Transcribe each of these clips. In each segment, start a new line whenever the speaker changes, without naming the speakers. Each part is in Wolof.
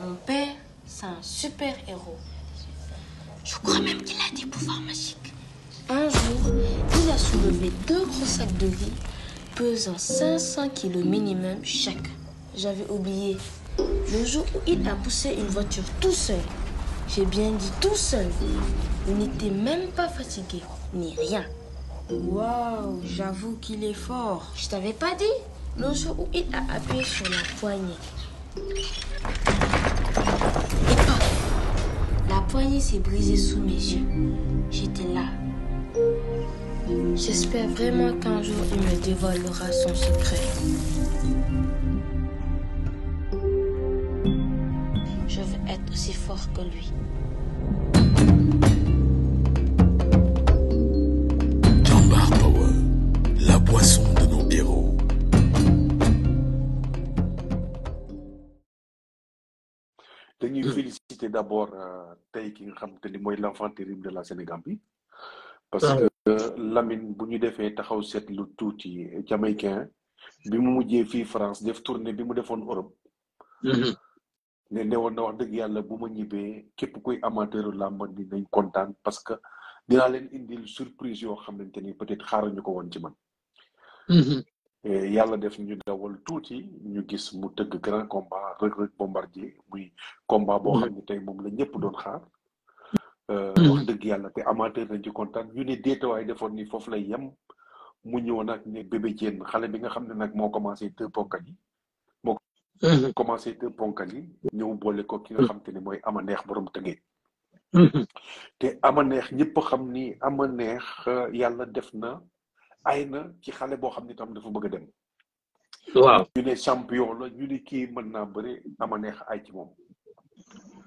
Mon père, c'est un super héros. Je crois même qu'il a des pouvoirs magiques. Un jour, il a soulevé deux gros de riz pesant kilos minimum chacun. J'avais oublié. Le jour où il a poussé une voiture tout seul, j'ai bien dit tout seul, il n'était même pas fatigué, ni rien. Waouh, j'avoue qu'il est fort. Je t'avais pas dit le jour où il a appuyé sur la poignée. poignet s'est brisé sous mes yeux. J'étais là. J'espère vraiment qu'un jour il me dévoilera son secret. Je veux être aussi fort que lui.
dañuy mm. féliciter d'abord euh, tey ki nga xam te ni mooy l'enfant terrible de la Sénégambie parce ah. que Lamine bu ñu defee taxaw seetlu tuuti jamaïcain bi mu mujjee fii France def tournée bi mu defoon Europe mm-hmm. ne ne woon na wax dëgg yàlla bu ma ñibbee képp kuy amateur làmb ni nañ kontaan parce que dinaa leen indil surprise yoo xamante ni peut-être xaaruñu ko woon ci man mm-hmm. yàlla def ñu dawal tuuti ñu gis mu tëgg grand combat Reug Reug bombardier muy combat boo xam ne tey moom la ñëpp doon xaar euh, wax dëgg yàlla te amateur nañ ci kontaan ñu ne déetawaay defoon ni foofu lay yem mu ñëw nag ne bébé Diène xale bi nga xam ne nag moo commencé te ponkal moo mm-hmm. commencé te ponkal yi ñëw boole ko ki nga mm-hmm. xam te ne mooy ama neex borom tëggee mm-hmm. te ama neex ñëpp xam ni ama neex euh, yàlla def na ay na ci xale boo xam ne tam dafa bëgg a dem. waaw ñu ne champion la ñu ne kii mën naa bëri ama neex ay ci moom.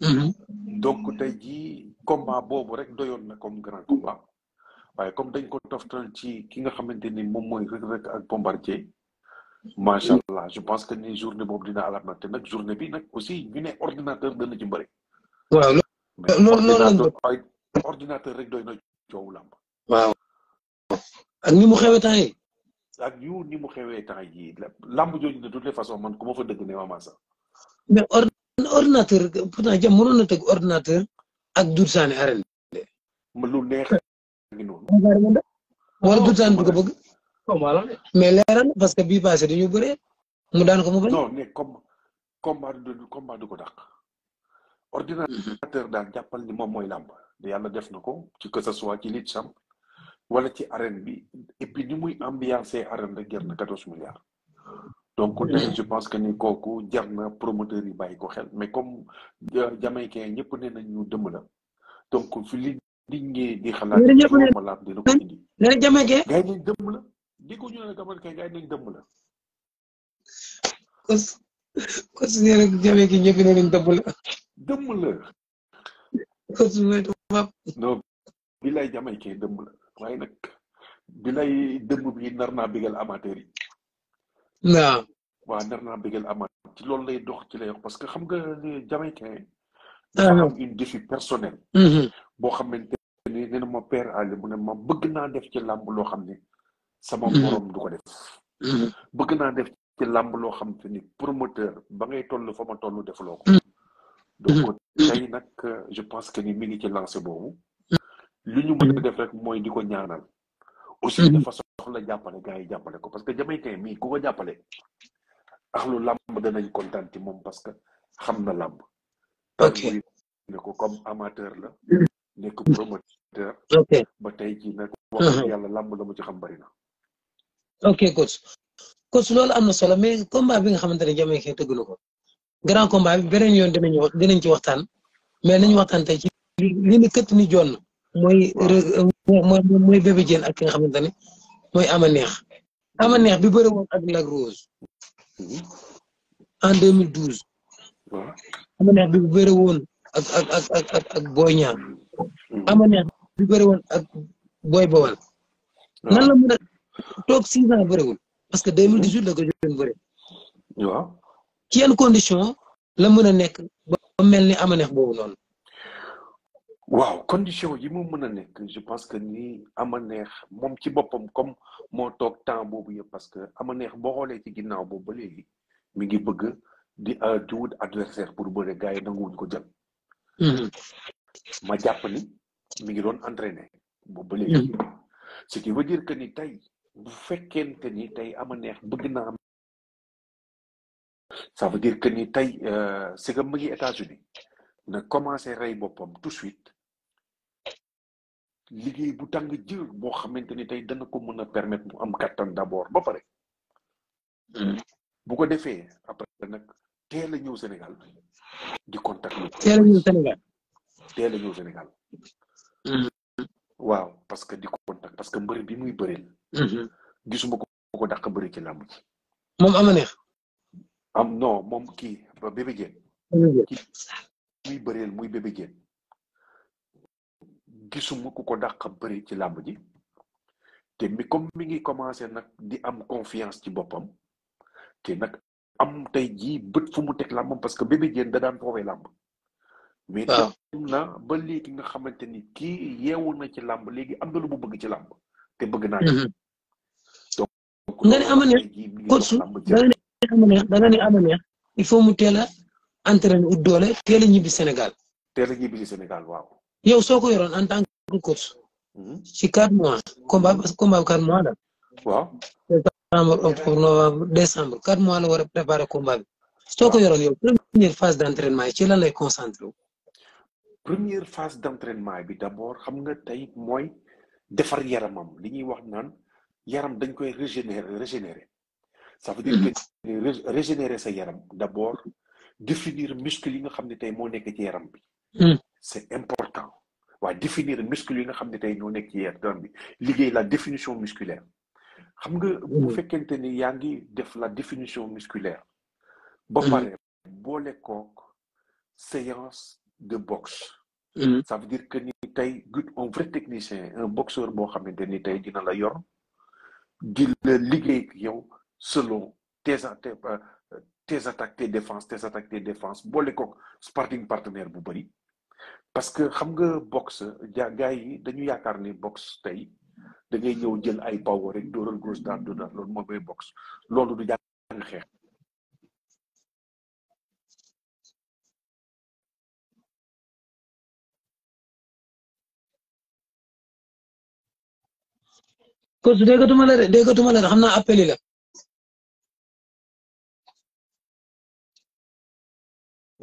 Mhm. donc te jii combat boobu rek doyoon na comme grand combat waaye comme dañ ko toftal ci ki nga xamante ni moom mooy Reug Reug ak Bombardier macha allah je pense que ni journée boobu dina alarmante nag journée bi nag aussi ñu ne ordinateur dana ci bëri. waaw loolu loolu ordinateur rek doy na coow làmb.
ak ni mu xewee temps yi
ak yu mu xewee temps yi lamb jooju na toutes les façons man ku ma fa dëgg ne ma sax
mais ordinateur pourtant jam mënoon na teg ordinateur ak Doudou Sané arène lu neex ngi noonu wala Doudou Sané du ko
bëgg
mais parce que bii passé dañu bëree mu daan ko mu bañ non
ne comme combat du combat du ordinateur daal jàppal ni moom mooy làmb yàlla def na ko ci que ce soit ci lit champ wala ci arène bi et puis ni muy ambiancé arène rek jar na quatorze milliards donc je pense que ni kooku jar na promoteur yi bàyyi ko xel mais comme jamaïcain ñëpp ne nañ ñu dëmm la donc fi li di ngee di xalaat mooma laam dina ko hmm? indi leen jamaïcain la di ko ñu ne jamaïcain gars yi nañ dëmm la
kos kos nee na jamaïcain la dëmm
la kos non bi lay jamaïcain la waaye nag bilay dëmb bi nar naa bégal amateur yi. waaw. waaw nar naa bégal amateur ci loolu lay dox ci lay parce que xam nga les Jamaïcains. Ah, dafa am une défi personnelle. Mm-hmm. boo xamante ne nee na ma père Ali mu ne ma bëgg naa def ci làmb loo xam ne. sama mm-hmm. morom du ko def. Mm-hmm. bëgg naa def ci lamb loo xam te ni promoteur ba ngay toll fa ma toll defloo ko. donc tey nag je pense que ni mi ngi ci lancé boobu. li ñu mën mm-hmm. def rek mooy di ko ñaanal. aussi mm-hmm. dafa soxla jàppale gars yi jàppale ko parce que jamaïcain mii ku ko jàppale. axlu làmb danañ kontaan ci moom parce que xam na làmb. ok ne ko comme la. Mm-hmm. nekk promoteur. ok ba tey jii nag. wax yàlla làmb la mu ci xam bari na.
ok coach coach loolu am na solo mais combat bi nga xamante ne jamaïcain tëgg na ko. grand combat bi beneen yoon dinañ wax dinañ ci waxtaan mais nañ waxtaan tey ci li ni këtt ni jonn mooy mooy Bébé Diène ak ki nga xamante ne mooy Amaneex Amaneex bi bëri woon ak Lac Rose en 2012. Amaneex bi bëri woon ak ak ak ak ak Boy Niang. Hmm. woon ak Boy Bawal. nan la mën a toog six ans bëriwul parce que 2018 la ko joxoon bëri. waaw condition la mën a nekk ba
mel ni Amaneex boobu noonu. waaw condition yi mu mën a nekk je pense que ni ama neex moom ci boppam comme moo toog temps boobu yëpp parce que ama neex boo xoolee ci ginnaaw boobu ba léegi mi ngi bëgg di euh, di wut adversaire pour bëre gars yi nanguwuñ ko jël
mm-hmm.
ma jàpp ni mi ngi doon entraîner boobu ba léegi mm-hmm. ce qui veut dire que ni tey bu fekkente ni tey am a neex bëgg naa ça veut dire que ni tey euh, c'est que mu ngi États-Unis na commencé rey boppam tout liggéey bu tàng jër boo xamante ni tey dana ko mën a permettre mu am kattan d'abord ba pare. Hmm. bu ko defee après nag teel a ñëw Sénégal di contact teel a ñëw Sénégal. Hmm. waaw parce que di contact parce que mbëri bi muy bëreel. Hmm. gisuma ko ko dàq bëri ci làmb moom am na neex. am non moom kii ba bébé muy bëreel muy bébé gisuma ku ko dàq bëri ci làmb ji te mi comme mi ngi commencé nag di am confiance ci boppam te nag am tey ji bët fu mu teg làmbam parce que Bébé Diène da daan foowee làmb mais dem na ba léegi nga xamante ni kii yeewu na ci làmb léegi am na lu mu bëgg ci làmb te bëgg naa ci mhm. donc nga ne ama neex coach
da nga ne ama neex il faut mu teel a entraîner ut doole
teel ñibbi Sénégal waaw
yow soo ko yoroon en tant que mm-hmm. coach. ci quatre mois combat combat quatre mois la. waaw septembre octobre oh, novembre décembre quatre mois la war a préparer combat bi. soo ko yoroon yow première phase d' entraînement ci
lan lay concentré wu. première phase d' entraînement bi d' abord xam nga tey mooy defar yaramam li ñuy wax naan yaram dañ koy régénérer régénérer. ça veut dire mm-hmm. que régénérer sa yaram d' abord définir muscle yi nga xam ne tey moo nekk ci yaram bi. Mm. c'est important waaye définir muscle yi nga xam ne tey ñoo nekk ci yaram bi liggéey la définition musculaire xam nga bu mm. fekkente ni yaa ngi def la définition musculaire ba mm. pare boole kook séance de boxe mm. ça veut dire que ni tey gut un vrai technicien un boxeur boo xamante ni tey dina la yor di la liggéey ak yow selon tes euh, tes attaques tes défenses tes attaques tes défenses boole kook sparring partenaire bu bëri parce que xam nga boxe ja gars yi dañu yaakaar ni boxe tey da ñëw jël ay power rek dóoral gauche daan dóoral loolu mooy boxe loolu du jàng xeex
coach déggatuma la de déggatuma la de xam naa appelé la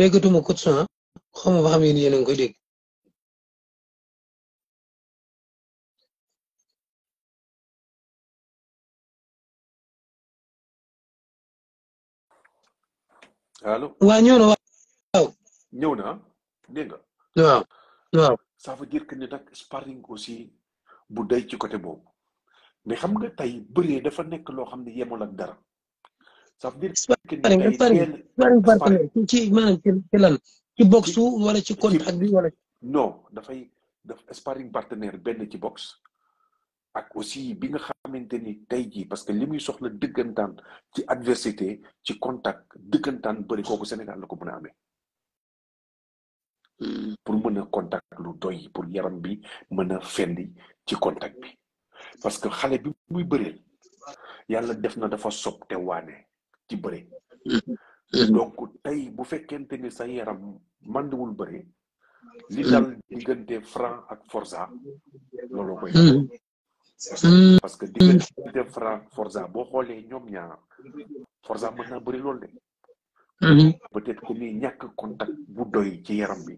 déggatuma coach ah ma ba xam yéen yéen a koy dégg
allo waaw ñëw na waaw. ñëw na dégg nga. waaw waaw. ça veut dire nag sparring aussi bu day ci côté boobu mais xam nga tey bëree dafa nekk loo xam ne yemul ak dara. ça veut dire que ne tey sparring sparring
ci maanaam ci lan ci box wala ci contact bi wala.
non dafay daf sparring partenaire benn ci box. ak aussi bi nga xamante ni tey jii parce que li muy soxla dëggantaan ci adversité ci contact dëggantaan bëri kooku Sénégal la ko mën a amee. Hmm. pour mën a contact lu doy pour yaram bi mën a fendi ci contact bi parce que xale bi muy bëreel yàlla def na dafa sob te waane ci bëri. Hmm. Hmm. donc tey bu fekkente ni sa yaram màndiwul bëri. li dal diggante Franc ak Forza looloo koy. Mm. parce que diggante Franck Forza boo xoolee ñoom ñaar Forza mën naa bëri loolu de. Mm-hmm. peut-être que ni ñàkk contact bu doy ci yaram bi.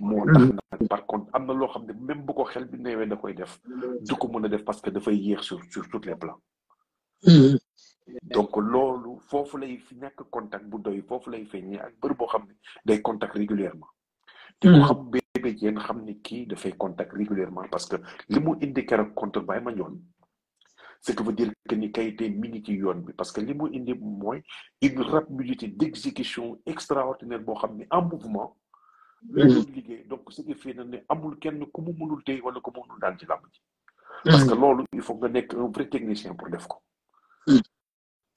moo tax mm-hmm. nag par contre am na loo xam ne même bu ko xel bi neewee da koy def du ko mën a def parce que dafay yéex sur sur tous les plans. Mm-hmm. donc loolu foofu lay ñàkk contact bu doy foofu lay feeñee ak bër xam ne day contact régulièrement. te xam ak xam ne kii dafay contact régulièrement parce que li mu indi keroog contre Baye Mandione ce qui veut dire que ni qualité mi ngi yoon bi parce que li mu indi mooy une rapidité d'exécution extraordinaire boo xam ni en mouvement mm. liggéey donc ce qui fait na ne amul kenn ku mu mënul tey wala ku mu mënul daan ci làmb ji
mm. parce que
loolu il faut nga nekk un vrai technicien pour def ko mm.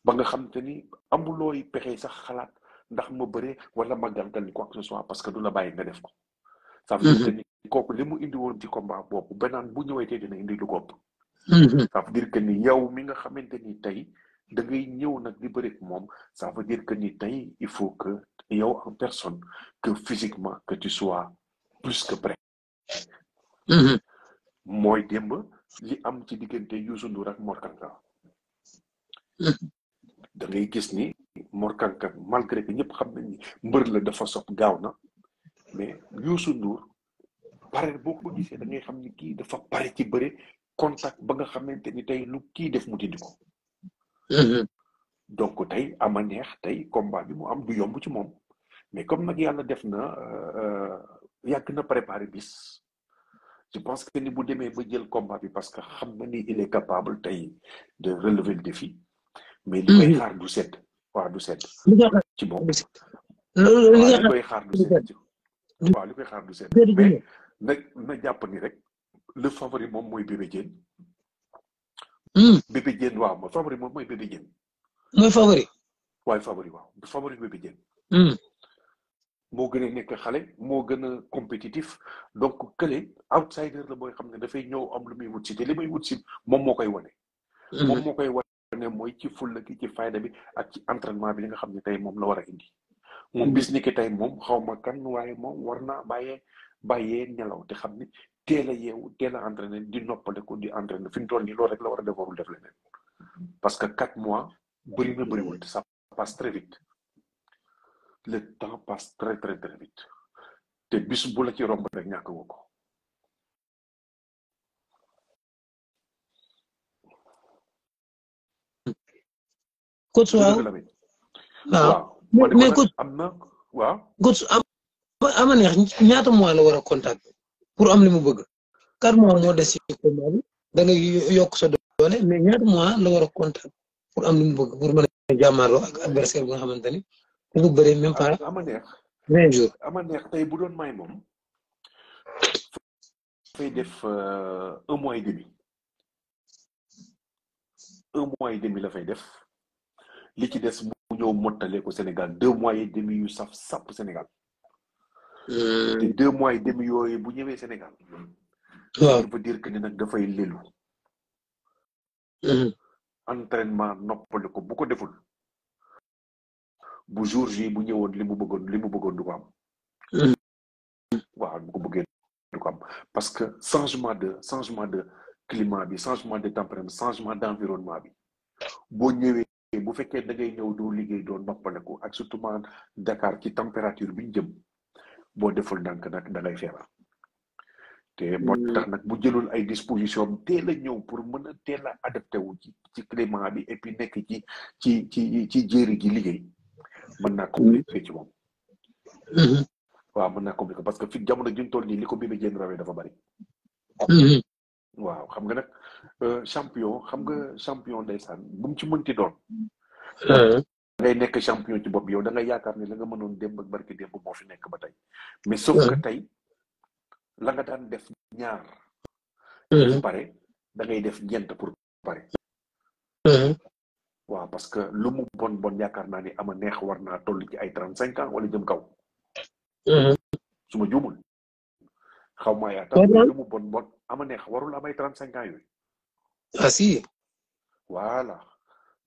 ba nga xam te ni amulooy pexe sax xalaat ndax ma bëree wala ma gàntal ni quoi que ce que du la bàyyi nga def ko sa veut mhm. dire que ni kooku li mu indi woon ci combat boobu beneen bu ñëwee tey dina indi lu ko ëpp. Mhm. ça veut dire que ni yow mi nga xamante ni tey da ñëw nag di bëri moom ça veut dire que ni tey il faut que yow en personne que physiquement que tu sois plus que prêt. Mhm. mooy démb li am ci diggante Youssou Ndour ak Mor Kanka. gis ni Mor Kanka malgré que ñëpp xam nañ ni mbër la dafa sop gaaw na. mais Youssou Ndour pare boo ko gisee da ngay xam ne kii dafa pare ci bëre contact ba nga xamante ni tey lu kii def mu dindi ko. Mm-hmm. donc tey a neex tey combat bi mu am du yomb ci moom mais comme nag yàlla def na euh, euh, yàgg na préparé bis je pense que ni bu demee ba jël combat bi parce que xam na ni il est capable tey de relever le défi. mais li koy mm-hmm. xaar du set. waaw du koy xaar du set. waaw li koy xaar du seen mais na na jàpp nii rek le favori moom mooy hmm. Bébé Diène waaw mooy favori moom mooy Bébé Diène mooy favori waaye favori waaw favori Bébé Diène hmm. moo gën a nekk xale moo gën a compétitif donc kële outsider la booy xam ne dafay ñëw am lu muy wut si te li muy wut si moom moo koy wane. Hmm. moom moo koy wane mooy ci fulla gi ci fayda bi ak ci entraînement bi li nga xam ne tey moom la war a indi. moom mm-hmm. bis ni ki tey moom xaw ma kan waaye moom war naa bàyyee bàyyee nelaw te xam ni teel a yeewu teel a entraîné di noppale ko di entraîné fi mu toll nii def warul def mm-hmm. parce que quatre mois bëri na bëriwul mm-hmm. ça passe très vite le temps passe très très très te bis bu la ci romb rek ñàkk
ko mais coach am na waaw. coach am ama neex ñaata mois la war a contact pour am li mu bëgg. quatre mois moo des ci combat bi da nga yokk sa doole mais ñaata mois la war a pour am li mu bëgg pour
mën a jàmmaarloo ak adversaire bu nga xamante ni bu bëree même pas. ama neex ama neex tey bu doon may moom. dafay def euh, un mois et demi un mois et demi la fay def li ci des mu ñëw mottalee ko Sénégal deux mois et demi yu saf sàpp Sénégal. Euh. te deux mois et demi yooyu bu ñëwee Sénégal. waaw ça veut dire que ni nag dafay lelu. Euh. entraînement noppali ko bu ko deful. bu jour ji bu ñëwoon li mu bëgg li mu bëggoon du ko am. Euh. waaw bu ko bëggee du parce que changement de changement de climat bi changement de température changement d' environnement bi boo ñëwee. bu fekkee dangay ngay ñëw doo liggéey doo noppaleku ak surtout ma Dakar ci température bi ñu jëm boo deful ndànk nag da ngay feebar te moo mm. tax nag bu jëlul ay disposition teel a ñëw pour mën a teel a adapté wu ci ci climat bi et puis nekk ci ci ci ci jéeri gi liggéey mën naa compliqué ci moom mm-hmm. waaw mën naa compliqué parce que fi jamono jëm toll nii li ko bébé jéen rawee dafa bari mm-hmm. waaw xam nga nag euh, champion xam nga mm. champion ndeysaan bu mu ci mënti doon. Euh. ngay nekk champion ci bopp yow da ngay yaakaar ne la nga mënoon démb barki démb moo fi nekk ba tey. mais sauf euh. tey la nga daan def ñaar. pare da def ñeent pour pare. waaw parce que lu mu bon bon yaakaar naa ne a neex war naa toll ci ay trente cinq ans wala jëm kaw. su ma juumul. xaw maa yaakaar lu bon bon. ama neex warul amay trente cinq ans yooyu. ah si. voilà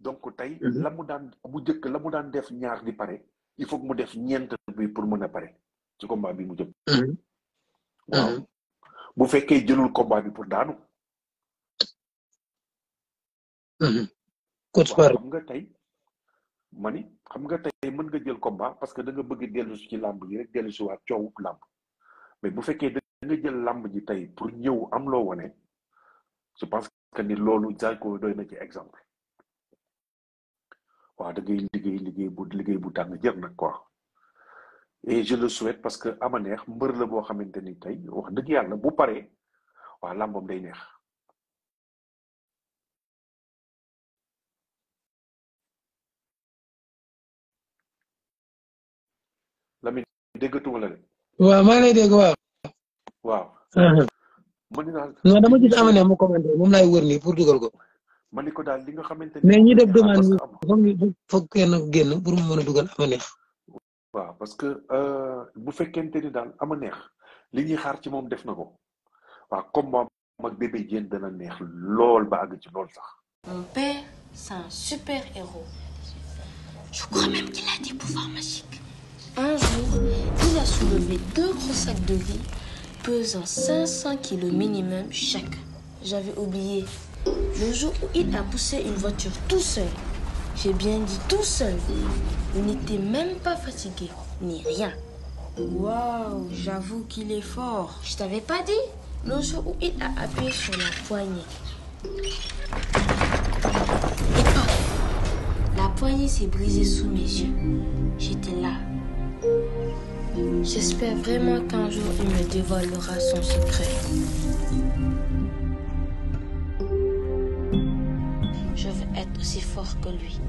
donc tey. la mu daan bu njëkk la mu daan def ñaar di pare il faut mu def ñeent bi pour mën a pare ci combat bi mu jëm. waaw bu fekkee jëlul combat bi pour daanu. coach Barra xam nga tey ma ni xam nga tey mën nga jël combat parce que da nga bëgg dellu si ci làmb yi rek dellu si waat làmb mais bu fekkee. nga jël làmb ji tey pour ñëw am loo wane je pense que ni loolu Zarko doy na ci exemple waaw da ngay liggéey bu liggéey bu tàng jër nag ko et je le souhaite parce que ama neex mbër la boo xamante ni tey wax dëgg yàlla bu pare waa làmbam day neex Lamine déggatuma la de
waaw maa ngi lay dégg waaw
waaw. mën
naa dama gis am na mu commenté moom laay wër nii pour dugal ko.
man ni ko daal li nga xamante ne mais ñi def demande
bi foog ñu foog kenn génn pour mu mën a dugal
ama neex. waaw parce que euh, bu fekkente ni daal am a neex li ñuy xaar ci moom def na ko waaw comme moom ak bébé Diène dana neex lool ba àgg ci lool sax.
mon pesant 500 kilos minimum chacun. J'avais oublié. Le jour où il a poussé une voiture tout seul, j'ai bien dit tout seul, il n'était même pas fatigué, ni rien. Waouh, j'avoue qu'il est fort. Je t'avais pas dit Le jour où il a appuyé sur la poignée. La poignée s'est brisée sous mes yeux. J'étais là, J'espère vraiment qu'un jour il me dévoilera son secret. Je veux être aussi fort que lui.